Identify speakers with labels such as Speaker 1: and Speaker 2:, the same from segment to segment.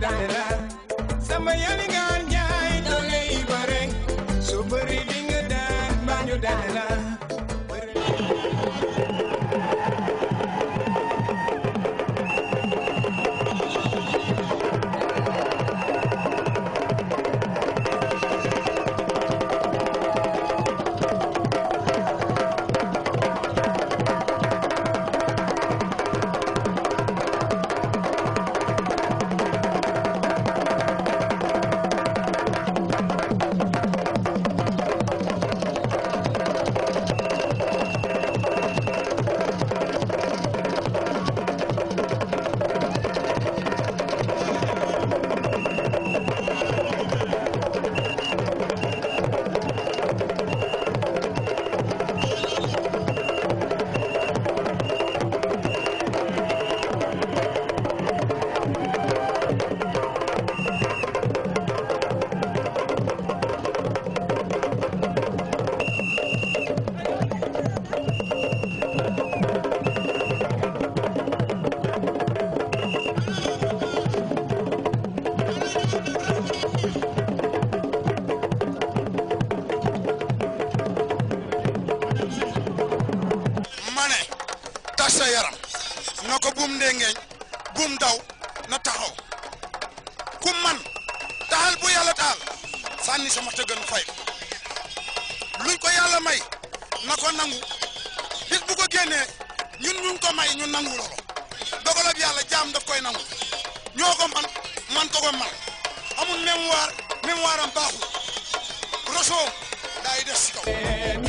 Speaker 1: daayira sama ku man taal bu yàlla taal sànni sama tëggan fay luñ ko yàlla may na ko nangu bis bu ko génnee ñun ñu ko may ñu nangu la ko dogalab yàlla jaam daf koy nangu ñoo ko man man ko ko man amul mémoire mémoire am baaxul rosoom daay des kaw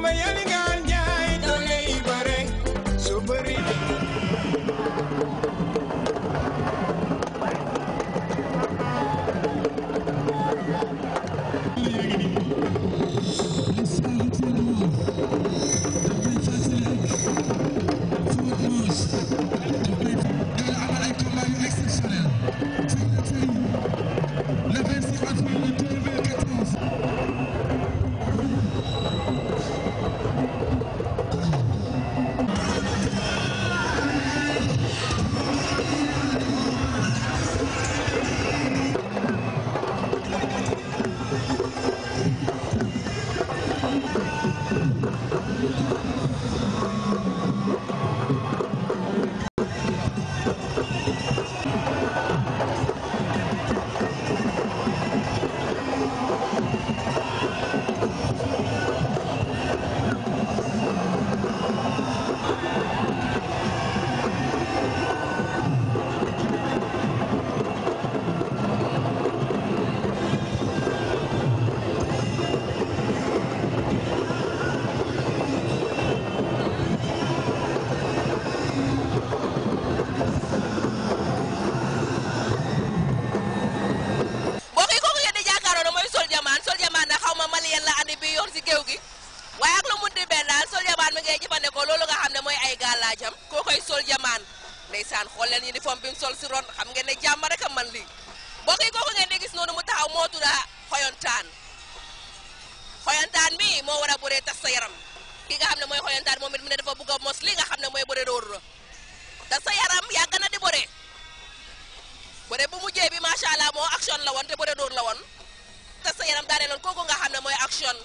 Speaker 1: Miami.
Speaker 2: gàllaajam koo koy sol jamaan ndeysaan xool leen uniforme bi sol si ron xam ngeen ne jàmm rek a man lii mbokk yi kooku ngeen di gis noonu mu taxaw moo tudd xoyantaan xoyantaan mi moo war a bëree tas sa yaram ki nga xam ne mooy xoyantaan moom it mu ne dafa bugg a mos li nga xam ne mooy bëre dóor tas sa yaram yàgg na di bëree bëre bu mujjee bi macha moo action la woon te bëre dóor la woon tas sa yaram daane loon kooku nga xam ne mooy action.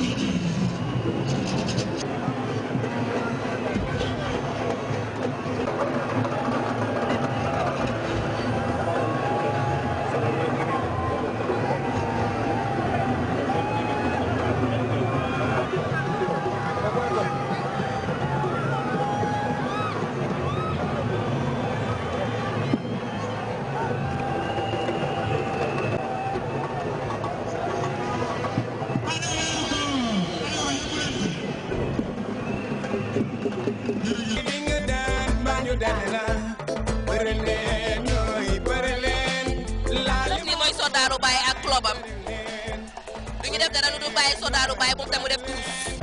Speaker 2: Thank you. bàyyi soda du bàyyi moom tamit mu def tuus.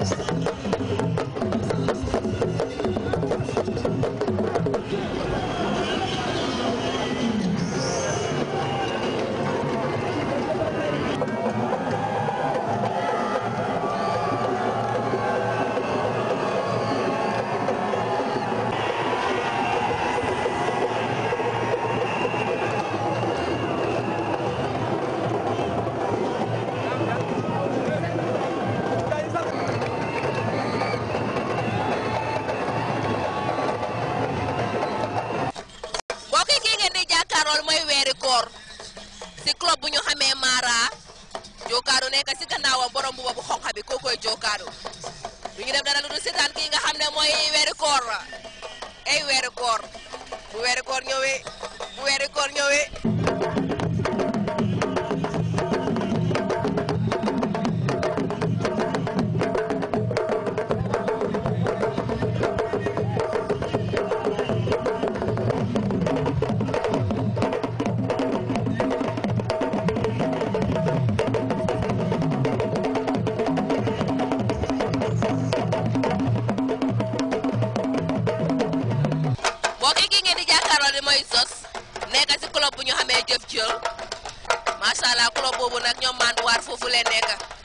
Speaker 2: Thank you. sport si club bu ñu xamee Mara Jokaaru nekk si gannaawam borom bu bu xonq bi kookoy Jokaaru du ñu def dara lu dul seetaan kii nga xam ne mooy weeri koor ay weeri koor bu weeri koor bu weeri koor jël macha allah club boobu nag ñoom Mandoumar foofu leen nekk.